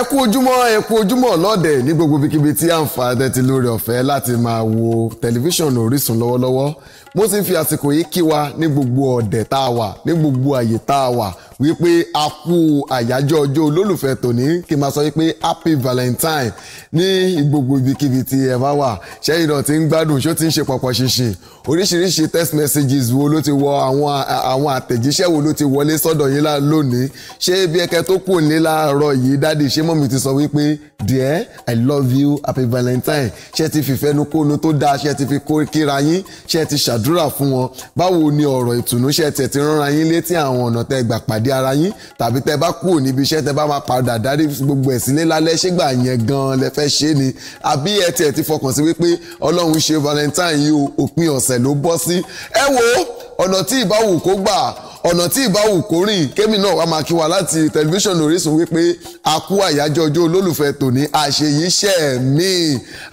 ẹ kú ojúmọ́ ẹ kú ojúmọ́ lọ́dẹ̀ ní gbogbo ibikíbi tí àǹfààní ti lórí ọ̀fẹ́ láti máa wo tẹlifíṣàn Orísun lọ́wọ́lọ́wọ́ mo sì ń fi àsìkò yìí kí wa ní gbogbo ọ̀dẹ̀ tá a wà ní gbogbo àyè tá a wà wípé a kú àyájọ́ ọjọ́ olólùfẹ́ tòní kí n máa sọ wípé happy valentine ní gbogbo ibikíbi tí ẹ bá wà ṣẹ́yìn náà ti ń gbádùn ṣó ti ń ṣe pọ̀pọ̀ ṣinṣin oríṣiríṣi text messages wo ló ti wọ àwọn àwọn àtẹ̀jíṣẹ́ wo ló ti wọlé sọ́dọ̀ yín lónìí ṣé bí ẹkẹ tó kù ní láàárọ̀ yìí dáàdi ṣé mọ́mí ti sọ wípé dear i love you happy valentine ṣé ti fìfẹ́nukónu tó dáa ṣé ti fi kíra yín ṣé ti ṣàdúrà gbàdúrà fún wọn báwo ni ọ̀rọ̀ ìtùnú ṣe tẹ̀ ti yín létí àwọn ọ̀nà tẹ́ gbà pàdé ara yín tàbí tẹ́ bá kúrò níbi iṣẹ́ tẹ́ bá máa padà dárí gbogbo ẹ̀ sílé lálẹ́ ṣégbà yẹn gan-an lẹ fẹ́ ṣe ni àbí ẹ tiẹ̀ ti fọkàn sí wípé ọlọ́run ṣe valentine yìí òpin ọ̀sẹ̀ ló bọ́ sí ẹ wo ọ̀nà tí ìbáwò kó gbà ọ̀nà tí ìbáwò kó rìn kémi náà wá máa kí wa láti tẹlifíṣàn Orísun wípé a kú àyájọ́ ọjọ́ olólùfẹ́ tòní àṣeyíṣẹ́ mi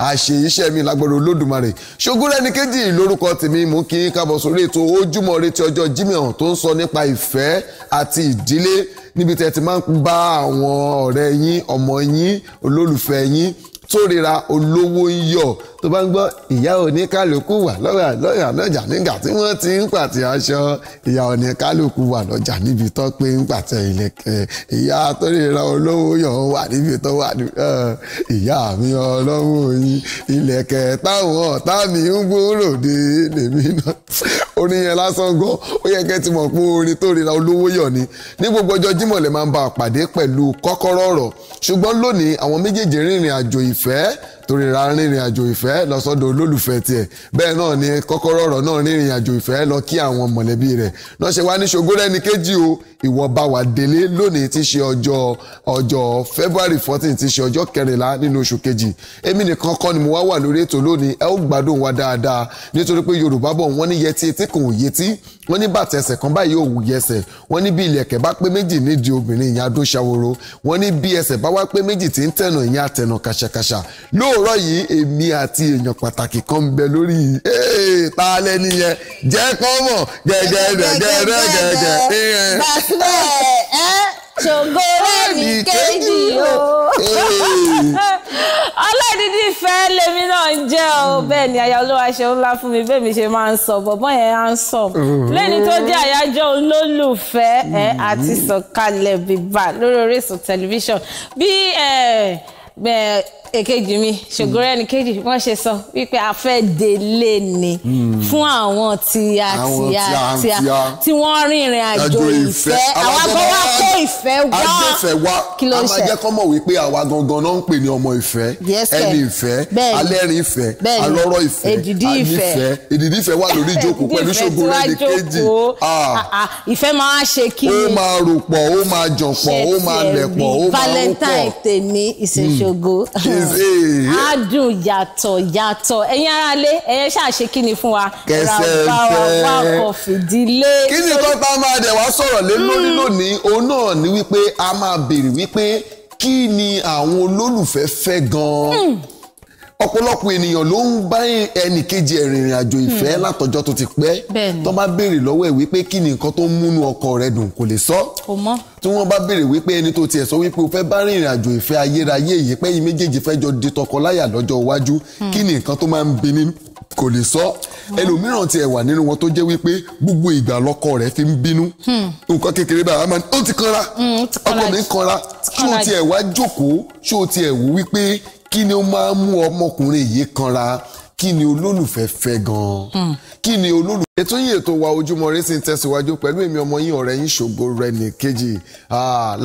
àṣeyíṣẹ́ mi lágbọ́dọ̀ Olódùmarè ṣogúnrẹ́ni kejì lórúkọ tèmi mú kí n kábọ̀ sórí ètò ojúmọ́ ire ti ọjọ́ Jímọ̀ tó ń sọ nípa ìfẹ́ àti ìdílé níbi tẹ́ ti máa ń bá àwọn ọ̀rẹ́ yín ọmọ yín olólùfẹ́ yín tó rira olówó ń yọ̀ tó bá ń gbọ́ ìyá oníkálukú wà lọ́rà lọ́rà lọ́jà nígbà tí wọ́n ti ń pàtẹ aṣọ ìyá oníkálukú wà lọ́jà níbi tó pé ń pàtẹ ìlẹ̀kẹ̀ ìyá tó rira olówó yọ̀ wà níbi tó wà ìyá mi ọlọ́wọ́ yín ìlẹ̀kẹ̀ táwọn ọ̀tá mi ń gbòòrò dé lèmi náà orin yẹn lásán gan ó yẹ kẹ́ ti mọ̀ pé orin tó rira olówó yọ̀ ni ní gbogbo ọjọ́ Jímọ̀ lè máa ń bá a pàdé pẹ̀lú kọ́kọ́rọ́ ọ̀rọ̀ ṣùgbọ́n lónìí àwọn méjèèjì rìnrìn àjò ì ìfẹ́ torí ra rìnrìn àjò ìfẹ́ lọ sọ́dọ̀ olólùfẹ́ tiẹ̀ bẹ́ẹ̀ náà ni kọ́kọ́rọ́ ọ̀rọ̀ náà rìnrìn àjò ìfẹ́ lọ kí àwọn mọ̀lẹ́bí rẹ̀ lọ́sẹ̀ wá ní ṣògo rẹ́ni kéjì o ìwọ bá wa délé lónìí ti ṣe ọjọ́ ọjọ́ February fourteen ti ṣe ọjọ́ kẹrìnlá nínú oṣù kejì èmi nìkan kọ́ ni mo wá wà lórí ètò lónìí ẹ ó gbádùn wa dáadáa nítorí pé Yorùbá bọ̀ wọ́n ní yẹtí etí kan ò yẹtí wọ́n ní bàtà ẹsẹ̀ kan báyìí ò yẹsẹ̀ wọ́n ní bí ilẹ̀kẹ̀ bá pé méjì nídìí obìnrin ìyá adó ṣàwòrò wọ́n ní bí ẹsẹ̀ bá wá pé méjì tí ń tẹ̀nà ìyá àtẹ̀nà kàṣàkàṣà lóòrọ̀ yìí èmi àti èèyàn pàtàkì kan ń bẹ lórí ta lẹ́ni yẹn jẹ́ kọ́mọ̀ gẹ́gẹ́ gẹ́gẹ́ gẹ́gẹ́ ṣògo rẹ́mi kejì o eh. ọlọ́dídì fẹ́ lèmi náà ń jẹ́ o hmm. bẹ́ẹ̀ ni aya olúwa ṣe ńlá fún mi bẹ́ẹ̀ mi ṣe máa ń sọ bọ̀bọ́ yẹn á ń sọ hmm. lẹ́ni tó jẹ́ àyájọ́ olólùfẹ́ ẹ̀ eh, hmm. àti sọ̀kalẹ̀ bíbá lórí Orísun tẹlifíṣàn bí eh bẹ́ẹ̀ èkejì mi ṣògòrò hmm. ni kejì wọ́n ṣe sọ wípé a fẹ́ délé ni hmm. fún àwọn tíya tíya tíya tí wọ́n rìnrìn àjò ìfẹ́ àwọn kan wá ìfẹ́ wá ajé ìfẹ́ wá a máa jẹ́ kọ́ mọ̀ wípé àwa gangan náà ń pè ní ọmọ ìfẹ́ ẹni ìfẹ́ alẹ́rìn ìfẹ́ alọ́rọ̀ ìfẹ́ èdìdí ìfẹ́ èdìdí ìfẹ́ wà lórí ìjókòó pẹ̀lú ṣògùn rẹ̀ ní kéjì ìfẹ́ máa ṣe kí ó máa rò pọ̀ ó máa jàn pọ̀ ó máa lẹ̀ pọ̀ ó máa ó pọ̀ valentine tèmi ìṣèṣogo hmm. eh. kí ni fún máa dẹ̀ wá sọ̀rọ̀ lé lórí hmm. lónìí òun náà náà ni wípé a máa béèrè wípé kí ni àwọn olólùfẹ́ fẹ́ gan-an hmm. ọ̀pọ̀lọpọ̀ ènìyàn ló ń bá ẹnì kejì ẹ̀ àjò hmm. ìfẹ́ látọjọ́ tó ti pẹ́ tó bá béèrè lọ́wọ́ ẹ̀ wípé kí ni nǹkan tó ń múnú ọkọ rẹ dùn kò lè sọ tí wọ́n bá béèrè wípé ẹni tó tiẹ̀ sọ wípé o fẹ́ bá rìnrìn àjò ìfẹ́ ayérayé yìí pé yìí méjèèjì fẹ́ jọ di tọkọláyà lọ́jọ́ iwájú hmm. kí ni nǹkan tó máa ń bi nínú kò lè sọ ẹlòmíràn tiẹ̀ wà nínú wọn tó jẹ́ wípé gbogbo ìgbà lọ́kọ rẹ̀ fi ń bínú hmm. nǹkan kékeré báyìí máa ń hmm, ó ti kanra ọkọ mi ń kanra ṣé o tiẹ̀ wá jókòó ṣé o tiẹ̀ wò wípé kí ni ó máa ń mú ọmọkùnrin yìí kanra kí ni olólùfẹ́ fẹ́ gan-an hmm. kí ni olólùfẹ́. ètò yìí ètò wa Ojúmọ́ Ire sì ń tẹ̀síwájú pẹ̀lú èmi ọmọ yín ọ̀rẹ́ yín ṣògo rẹ̀ nìkejì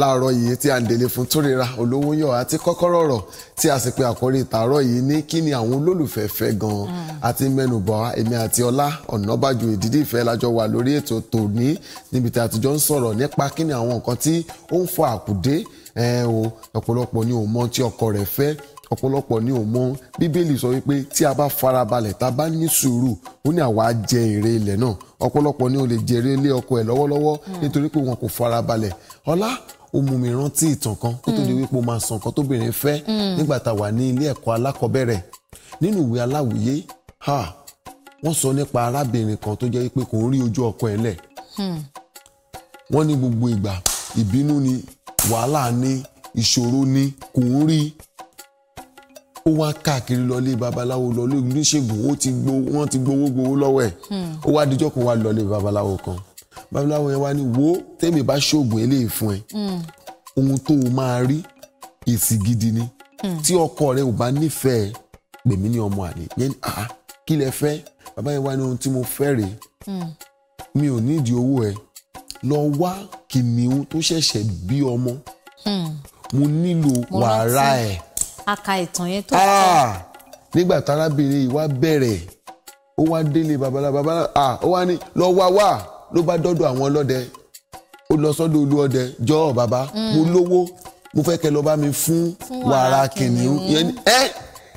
láàárọ̀ yìí tí a ń délé fún tórira olówó yọ àti kọ́kọ́rọ́ ọ̀rọ̀ tí a sì pe àkórí tààrọ̀ yìí ní kí ni àwọn olólùfẹ́ fẹ́ gan-an hmm. àti mẹ́nubà èmi àti Ọlá Ọ̀nàbàjọ ìdídì ìfẹ́ lájọ wà lórí ètò tòní níbi tí a ti jọ ń sọ̀rọ̀ nípa o ọ̀pọ̀lọpọ̀ ni ò mọ ọ̀pọ̀lọpọ̀ ni ò mọ bíbélì sọ wípé tí a bá farabalẹ̀ tá a bá ní sùúrù ó ní àwa jẹ èrè ilẹ̀ náà ọ̀pọ̀lọpọ̀ ni ò lè jèrè ilé ọkọ ẹ̀ lọ́wọ́lọ́wọ́ hmm. nítorí pé wọn kò farabalẹ̀ ọlá ó mú mi rántí ìtàn kan kó tó di wípé ó máa sàn nǹkan tóbìnrin fẹ́ hmm. nígbà tá a wà ní ilé ẹ̀kọ́ alákọ̀ọ́bẹ̀rẹ̀ nínú ìwé aláwìyé wọ́n sọ nípa arábìnrin kan tó jẹ́ wípé kò ń rí ojú ọkọ ẹ̀ lẹ̀ hmm. wọ́n ní gbogbo ìgbà ìbínú ni wàhálà ni ìṣòro ni kò ń rí ó wá káàkiri lọlé babaláwo lọlé oníṣègùn ó ti gbó wọn ti gbowó gbowó lọ́wọ́ ẹ̀ ó wá dijọ́ kó wá lọlé babaláwo kan babaláwo yẹn wá ní wo tẹ́mi bá ṣoògùn eléyìí fún ẹ ohun tó o máa rí èsì gidi ni tí ọkọ rẹ ò bá nífẹ̀ẹ́ pèmí ní ọmọ àlè yẹn àá kí lẹ fẹ́ bàbá yẹn wá ní ohun tí mo fẹ́ rèé mi ò nídìí owó ẹ lọ wá kìnìún tó ṣẹ̀ṣẹ̀ bí ọmọ mo nílò wàrà ẹ̀ a ka ìtàn yẹn tó tọ́. Ah, nígbà tárábìnrin yìí wá bẹ̀rẹ̀ ó wá délé babalá babalá ah, ó wá ní lọ wá wá ló bá dọ́dọ̀ àwọn ọlọ́dẹ ó lọ sọ́dọ̀ olú ọdẹ jọ̀ọ́ bàbá hmm. mo lówó mo fẹ́ kẹ́ lọ bá mi fún wàrà kìnìún yẹn ẹ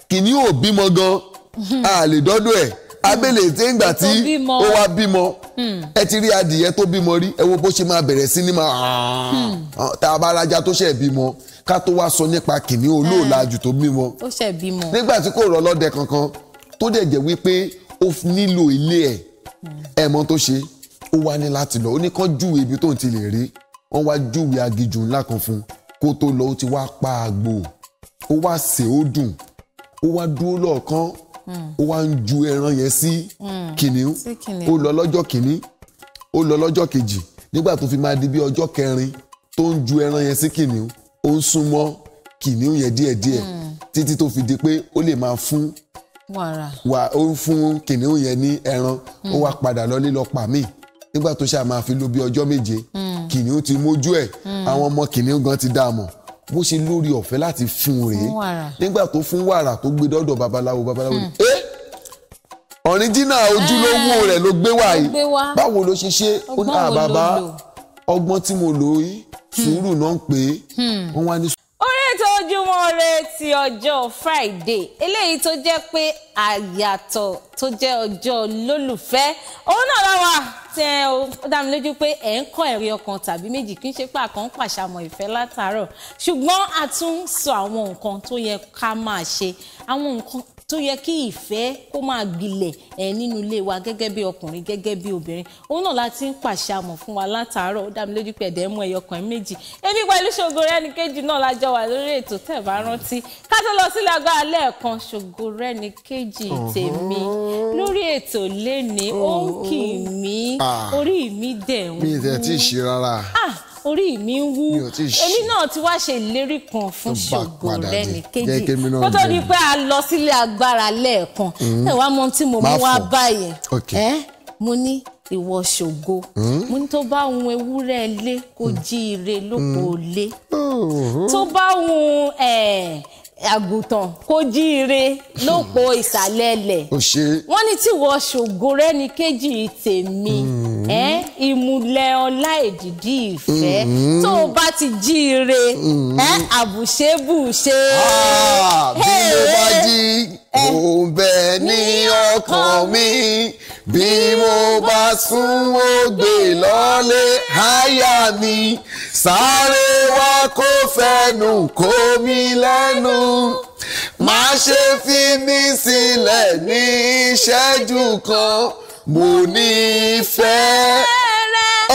kìnìún ò bímọ gan a lè dọ́dọ̀ ẹ̀ abẹ́lẹ̀ ètè ìgbà tí ó wá bímọ hmm. ẹ ti rí adìyẹ tó bímọ rí ẹ wo bó ṣe máa bẹ̀rẹ̀ sí ní máa hmm. ah, tá a bá rájá tó ṣẹ̀ bímọ ká tó wá sọ nípa kìnìún olóòlàjù tó bímọ nígbà tí kò rọ ọlọ́dẹ kankan tó dẹ̀ jẹ́ wípé ó nílò ilé ẹ̀ hmm. ẹ̀ mọ̀ tó ṣe ó wá ní láti lọ ó ní kán júwe ibi tó ń ti lè rí wọ́n wá júwe agijù ńlá kan fún kó tó lọ ó ti wá pa àgbò ó wá sè ó dùn ó wá dúró lọ́ọ̀kan ó wá ń ju ẹran yẹn sí kìnìún ó lọ lọ́jọ́ kìíní ó lọ lọ́jọ́ kejì nígbà tó fi máa di bí ọjọ́ kẹrin tó ń ju ẹran yẹn sí kìnìún ó ń súnmọ́ kìnìún yẹn díẹ̀díẹ̀ hmm. títí tó fi di pé ó lè máa fún wà ó ń fún kìnìún yẹn ní ẹran ó wá hmm. padà lọ lílọ pa míì nígbà tó ṣáà máa fi lò bí ọjọ́ méje hmm. kìnìún ti mójú ẹ̀ àwọn ọmọ kìnìún gan ti dá bó ṣe lórí ọ̀fẹ́ láti fún un rèé nígbà tó fún wàrà tó gbé dọ́dọ̀ babaláwo babaláwo ni hmm. ẹ́ ọ̀ríjínà ojúlówó hmm. rẹ̀ ló gbé wá yìí báwo ló ṣe ṣe ó ní àbàbà ọgbọ́n tí mo lò yìí hmm. sùúrù náà ń pè é wọ́n wá ní ojúmọ́ ire ti ọjọ́ friday eléyìí tó jẹ́ pé àyàtọ̀ tó jẹ́ ọjọ́ lólùfẹ́ òun náà láwa tẹ ó dá mi lójú pé ẹ̀ ń kọ́ ẹ̀rí ọkàn tàbí méjì kì í ṣe pé àkàn ń pàṣàmọ̀ ìfẹ́ látàárọ̀ ṣùgbọ́n a tún sọ àwọn nǹkan tó yẹ ká máa ṣe àwọn nǹkan tó yẹ kí ìfẹ́ kó máa gbilẹ̀ ẹ̀ nínú ilé wa gẹ́gẹ́ bí ọkùnrin gẹ́gẹ́ bí obìnrin òun náà láti ń pàṣẹ àmọ̀ fún wa látàárọ̀ ó dá mi lójú pé ẹ̀dẹ̀ mú ẹyọ kan méjì ebi pẹ̀lú ṣògo rẹ́ni kejì náà lájọ wà lórí ètò tẹ̀ bá rántí ká tó lọ sílé agbára lẹ́ẹ̀kan ṣògo rẹ́ni kejì tèmi lórí ètò lénìí ó ń kì mí ah. orí mi dẹ̀ ń wú. mi ì orí mi ń wú èmi náà ti wá ṣe ìlérí kan fún ṣògo rẹni kejì kó tó di pé a lọ sílé agbára lẹ́ẹ̀kan mm. ẹ wá mọ tí mo mú wá báyìí ẹ mo ní ìwọ ṣògo mm. mo ní tó bá hun ewúrẹ́ ilé kó mm. jí ire lóko ilé tó bá hun àgùntàn kó jí ire lóko hmm. ìsàlẹ̀ ilẹ̀ wọ́n ní tí ìwọ ṣògo rẹ́ni tèmi. Mm. Mm-hmm. ẹ ìmùlẹ̀ ọlá èdìdí ìfẹ́ mm-hmm. tó o bá ti jíire mm-hmm. ẹ àbùṣebùṣe. Ah, bí mo bá jí òun bẹ́ẹ̀ ní ọkàn mi bí mo bá sún ó lọ́lé háyà mi sáré wá kó fẹnu kó mi lẹ́nu má ṣe fi mí sílẹ̀ ní ìṣẹ́jú kan mo nífẹ̀ẹ́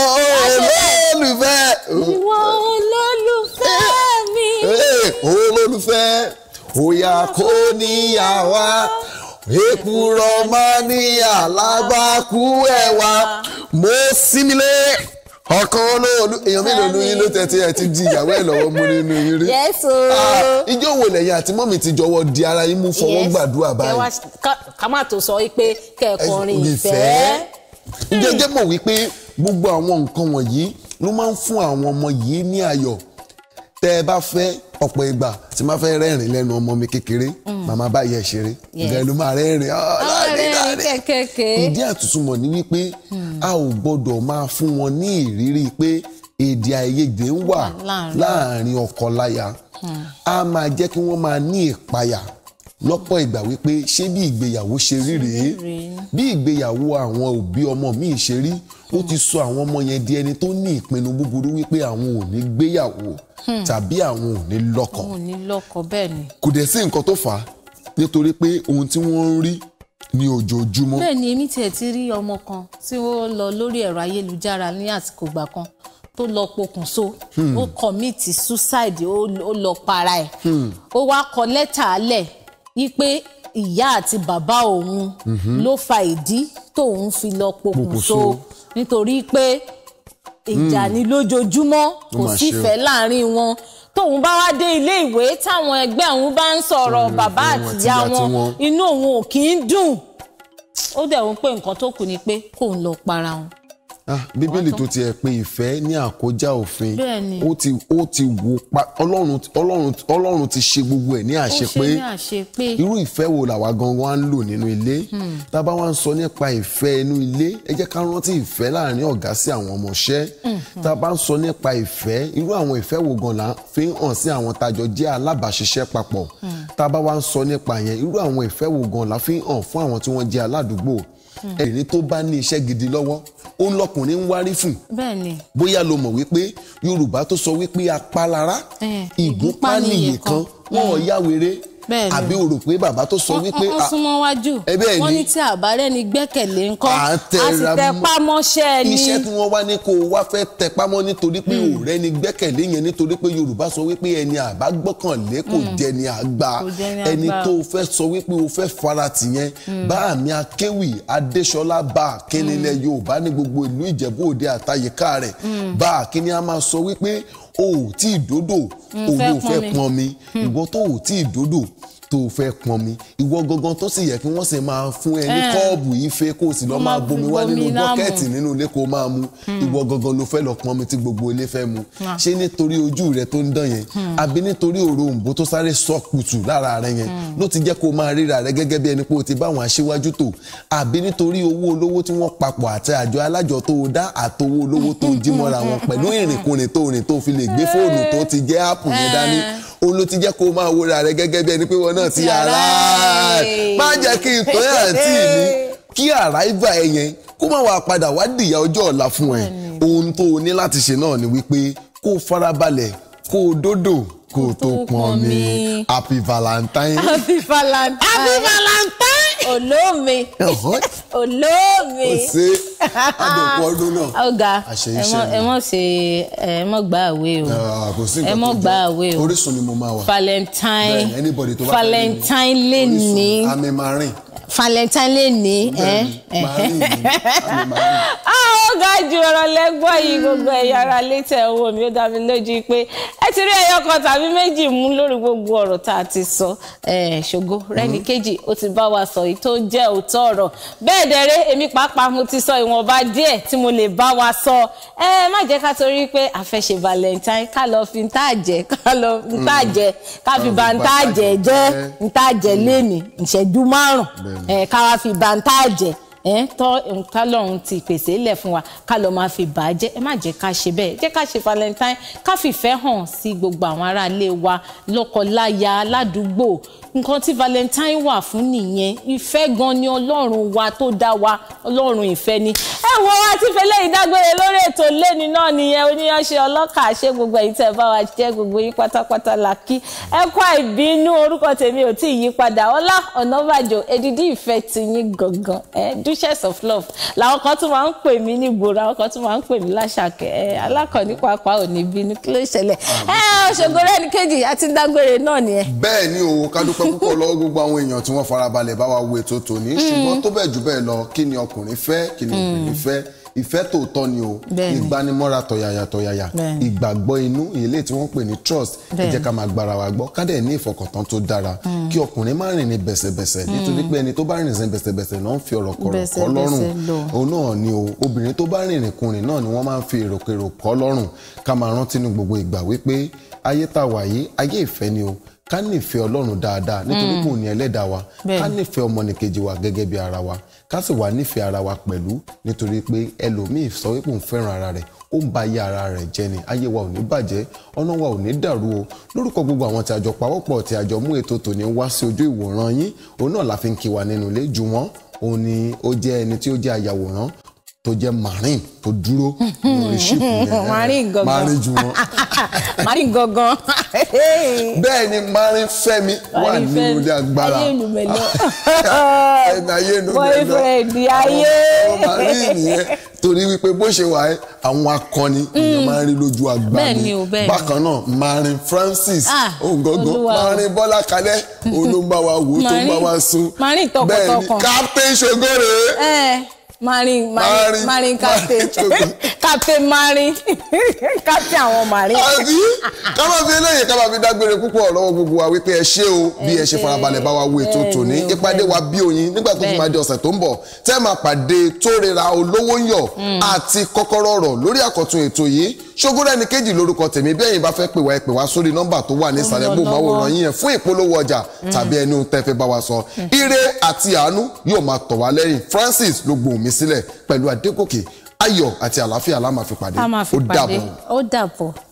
olólùfẹ́. ìwọ olólùfẹ́ mi. olólùfẹ́ òyà kò níyàwá èkùrọ̀ máa ní alábàákú ẹ̀wà mo sinmi lé ọkàn olóòlù èèyàn mélòó lóyún ló tẹ̀tí ẹ̀ ti di ìyàwó ẹ̀ lọ́wọ́ mú nínú yín rí. yẹ́sọ. ìjọ ah, wo lẹ́yìn àti mọ́mì ti jọ̀wọ́ di ara yín mú fọwọ́ gbàdúrà báyìí. ká má tó sọ pé kẹ́ẹ̀kọrin ìfẹ́. jẹ́jẹ́ hmm. mọ̀ wípé gbogbo àwọn nǹkan wọ̀nyí ló máa ń fún àwọn ọmọ yìí ní ayọ̀ tẹ́ ẹ bá fẹ́ ọ̀pọ̀ ìgbà tí máa fẹ́ rẹ́rìn lẹ́nu ọmọ mi kékeré mm. màmá báyìí ẹ̀ ṣeré ìgbà ló máa rẹ́rìn ìdí àtúntúmọ̀ ni wípé mm. a ò gbọ́dọ̀ máa fún wọn ní ìrírí pé èdè àìyedè ń wà láàrin ọkọláya mm. a máa jẹ́ kí wọ́n máa ní ìpayà lọ́pọ̀ ìgbà wípé ṣé bí ìgbéyàwó ṣe rí rèé bí ìgbéyàwó àwọn òbí ọmọ mi ṣe rí ó ti sọ àwọn ọmọ yẹn di ẹni tó ní ìpinnu búburú wípé àwọn ò ní gbéyàwó hmm. tàbí àwọn ò ní lọ́kọ. àwọn ò ní lọ́kọ bẹ́ẹ̀ ni. kò dẹ̀ sí nǹkan tó fà á nítorí pé ohun tí wọ́n ń rí ní ojoojúmọ́. bẹ́ẹ̀ ni èmi tiẹ̀ ti rí ọmọ kan tí ó lọ lórí ẹ̀rọ ayélujára ní àsìkò ìgbà kan tó lọ pokùnso hmm. ó kọ̀míìtì suicide ó lọ para ẹ̀ hmm. ó wá kọ lẹ́tà alẹ̀ wípé ìyá àti bàbá òun ló fa ìdí tóun fi lọ pokùnso nítorí pé ìjà hmm. ni lójoojúmọ́ kò sífẹ̀ẹ́ láàrin wọn tóun bá wá dé ilé ìwé táwọn ẹgbẹ́ òun bá ń sọ̀rọ̀ bàbá àtìyá wọn inú òun ò kì í dùn ó dẹ̀ ń pé nǹkan tó kù ni pé kóun lọ para wọn. Ah, bíbélì tó tiẹ̀ pé ìfẹ́ ní àkójá òfin ó ti ó ti wò pa ọlọ́run ọlọ́run ọlọ́run ti ṣe gbogbo ẹ̀ ní àṣepé irú ìfẹ́ wo làwa gangan wá ń lò nínú ilé hmm. tá a bá wá ń sọ nípa ìfẹ́ inú ilé ẹ jẹ́ ká rántí ìfẹ́ láàrin ọ̀gá sí àwọn ọmọọṣẹ́ hmm. tá a bá ń sọ nípa ìfẹ́ irú àwọn ìfẹ́ wo gan la fi ń hàn sí àwọn tájọ jẹ́ alábàáṣiṣẹ́ papọ̀ hmm. tá a bá wá ń sọ nípa yẹn irú àwọn ìfẹ́ wo gan la fi ń hàn fún àwọn tí wọ́n jẹ́ aládùúgbò Hmm. ẹni tó bá ní iṣẹ́ gidi lọ́wọ́ ó ń lọkùnrin ń wárí fún bóyá lo mọ̀ wípé Yorùbá tó sọ wípé apalára eh, ìgúnpá nìyí kan wọn ò yáwèrè àbí o rò pé bàbá tó sọ wípé wọ́n súnmọ́ wájú wọ́n ní tí àbárẹ́ ni gbẹ́kẹ̀lé ńkọ́ a sì tẹpámọ́ṣẹ́ ni. iṣẹ́ tí wọ́n wá ní kó o wá fẹ́ tẹpámọ́ nítorí pé hmm. ọ̀rẹ́ ni gbẹ́kẹ̀lé yẹn nítorí pé Yorùbá sọ wípé ẹni àbá gbọ́kànlé hmm. kò jẹni àgbà ẹni tó o fẹ́ sọ wípé o fẹ́ faratì yẹn hmm. bá mi akéwì Adéṣọlá bá akínilẹ̀ Yorùbá ní gbogbo ìlú Ìjẹ̀bú Òde àtàyíká rẹ̀ bá akíní a máa sọ wípé o ò tí ì dódò òun ò fẹ́ pọn mi hmm. ìwọ tó ò tí ì dódò tó fẹ́ pọn mi ìwọ gangan tó sì yẹ kí wọ́n sì máa fún ẹ ní eh. kọ́ọ̀bù ife kó o sì lọ́ọ́ máa bomi wá nínú bọ́kẹ́ẹ̀tì nínú ilé kó o máa mu hmm. ìwọ gangan ló fẹ́ lọ pọn mi tí gbogbo ilé fẹ́ mu ah. ṣé nítorí ojú rẹ tó ń dán yẹn hmm. àbí nítorí òroǹbó tó sáré sọ kùtù lára rẹ yẹn hmm. ló ti jẹ́ kó o máa ríra rẹ gẹ́gẹ́ bí ẹni pé o ti bá àwọn aṣíwájú tò àbí nítorí owó olówó tí wọ́n papọ̀ àti àjọ alájọ tó o dá àtowó olówó tó o jí mọ́ra wọn pẹ̀lú ìrìnkùnrin ti jẹ́ áàpù òun ti jẹ́ kó máa wòra rẹ gẹ́gẹ́ bí ẹni pé wọn náà ti ara má jẹ́ kí n tán àǹtí mi kí àráìvà ẹ yẹn kó má wàá padà wá dìyà ọjọ́ ọ̀la fún ẹ ohun tó o ní láti ṣe náà ni wípé kó o farabalẹ̀ kó o dódò kó o tó pọn mi happy valentine. happy valentine. happy valentine olómi olómi ṣe àdùnkù ọdún náà ọ̀gá ẹ mọ̀ ṣe ẹ mọ̀ gbà àwé o ah, ẹ mọ̀ gbà àwé o Orísun ni mo máa wà Valentine Valentine lè ní àmì máa rìn valentine lè ní ẹ eh, eh, eh. ah, ó ga ju ọ̀rọ̀ lẹ́gbọ́n yìí gbogbo ẹ̀yà ara létẹ̀ owó mi ó dá mi lójú pé ẹ ti rí ẹyọ kan tàbí méjì mú lórí gbogbo ọ̀rọ̀ tá a ti sọ ṣògo rẹ́ni mhm. kejì ó ti bá wa sọ yìí tó jẹ́ òótọ́ ọ̀rọ̀ bẹ́ẹ̀ dẹ̀rẹ́ èmi pàápàá mo ti sọ ìwọ̀nba díẹ̀ tí mo lè bá wa sọ ẹ má jẹ́ ká torí pé a fẹ́ ṣe valentine ká lọ fi ń tàjẹ́ ká lọ ń tàjẹ́ mm. ká fi ba ń tàjẹ́ jẹ́ ń tàjẹ́ lénìí mm ká wá fi bàǹtà jẹ ẹ ń tọ́ nǹkan lọ́run ti pèsè lẹ̀ fún wa ká lọ́ọ́ máa fi bà á jẹ́ ẹ má jẹ́ ká ṣe bẹ́ẹ̀ jẹ́ ká ṣe valentine ká fìfẹ́ hàn sí gbogbo àwọn aráalé wa lọ́kọ ládùúgbò nǹkan tí valentine wà fún nìyẹn ìfẹ́ gan ni ọlọ́run wa tó dá wa ọlọ́run ìfẹ́ ni. ẹ wo wa ti fẹ́ lẹ́yìn dágbére lórí ètò lẹ́ni náà nìyẹn oníyanṣe ọlọ́kà ṣé gbogbo ẹ̀yin tẹ́ ẹ bá wa jẹ́ gbogbo yín pátápátá la kí ẹ kú àìbínú orúkọ tèmi ò tí ì yí padà ọlá ọ̀nàbàjọ èdìdí ìfẹ́ ti yín gangan ẹ duchess of love làwọn kan tún máa ń pè mí ní ìgboro àwọn kan tún máa ń pè mí láṣàkẹ́ ẹ alákọ̀ọ́ní pàápàá ò ní bínú kí ló ṣẹlẹ̀ ẹ òṣogbo rẹ̀ ní kejì àti dágbére náà nìyẹn. bẹ́ẹ̀ ni o kálukú dúpẹ́ púpọ̀ lọ́wọ́ gbogbo àwọn èèyàn tí wọ́n farabalẹ̀ bá wa wo ètò tòní hmm. ṣùgbọ́n tó bẹ́ẹ̀ jù bẹ́ẹ̀ lọ kí ni ọkùnrin fẹ́ kí ni obìnrin hmm. fẹ́ ìfẹ́ tòótọ́ ni o ìgbanimọ́ra tọ̀yàyà tọ̀yàyà ìgbàgbọ́ inú ilé tí wọ́n pè ní trust ẹ jẹ́ ká máa gbára wa gbọ́ ká dẹ̀ ní ìfọkàntán tó dára hmm. kí ọkùnrin má rìn ní bẹ̀sẹ̀bẹ̀sẹ̀ nítorí pé ẹni tó bá rìn sin bẹ̀sẹ̀bẹ̀sẹ̀ náà ń fi ọ̀rọ̀ kọ̀rọ̀ kọ́ lọ́rùn òun náà ni o obìnrin tó bá rìn rìnkùnrin náà ni wọ́n máa ń fi èròkèrò kọ́ lọ́rùn ká máa rántí ní gbogbo ìgbà wípé ayé tá wà ayé ìfẹ́ ni o ká nífẹ̀ẹ́ ọlọ́run dáadáa nítorí kò mm. ní ẹlẹ́dàá wa ká nífẹ̀ẹ́ ọmọnìkejì wa gẹ́gẹ́ bí ara wa ká sì wà nífẹ̀ẹ́ ara wa pẹ̀lú nítorí pé ẹlòmíì sọ wípé òun fẹ́ràn ara rẹ̀ ó ń ba ayé ara rẹ̀ jẹ́ ni ayé wa ò ní bàjẹ́ ọ̀nà wa ò ní dàrú o lórúkọ gbogbo àwọn tí a jọ pawọ́pọ̀ tí a jọ mú ètò tòní wá sí ojú ìwòran yín òun náà la fi ń kí wa nínú ilé jùwọ́n òun ni ó jẹ́ ẹni tí ó jẹ́ ayàwòrán tó jẹ́ marine tó dúró lórí ṣípù hmm. yẹn marine gangan marine jù wọn. marine gangan. bẹ́ẹ̀ ni marine fẹ́mi wà ní orí agbára ayé nùmẹ̀lẹ́ ayé nùmẹ̀lẹ́ boyfriend ayé. marine yẹn torí wípé bó ṣe wà ẹ́ àwọn akọni èèyàn máa ń rí lójú agbani hmm. bákan náà marine, Francis ah, ògógó marine, Bọ́lá Kalẹ́ olóńgbà wa wò tó ń bá wa sùn bẹ́ẹ̀ ni Captain Ṣògo rèé. Eh marin marin marin captain captain marin captain àwọn marin. àbí ká máa fi eléyìí ká máa fi dágbére púpọ̀ lọ́wọ́ gbogbo wa wípé ẹ ṣé o bí ẹ ṣe farabalẹ̀ bá wa wo ètò tòní ìpàdé wa bí oyin nígbà tó fi máa di ọ̀sẹ̀ tó ń bọ̀ tẹ́ máa pàdé tó rira olówó ń yọ̀ hmm. àti kọ́kọ́rọ́ rọ̀ lórí àkọ́tún ètò yìí Ṣógórẹ́ni kejì lórúkọ tèmi bí ẹ̀yin bá fẹ́ pè wá ẹ pè wá sórí nọ́mbà tó wà ní ìsàlẹ̀ gbòmáwòrán yín yẹn fún ìpolówó ọjà tàbí ẹni ohun tẹ́ fẹ́ bá wa sọ ire àti àánú yóò máa tọ̀ wá lẹ́yìn Francis ló gbóhùn mi sílẹ̀ pẹ̀lú Adégòkè ayọ̀ àti àlàáfíà la máa fi pàdé ó dàbọ̀. ó dàbọ̀.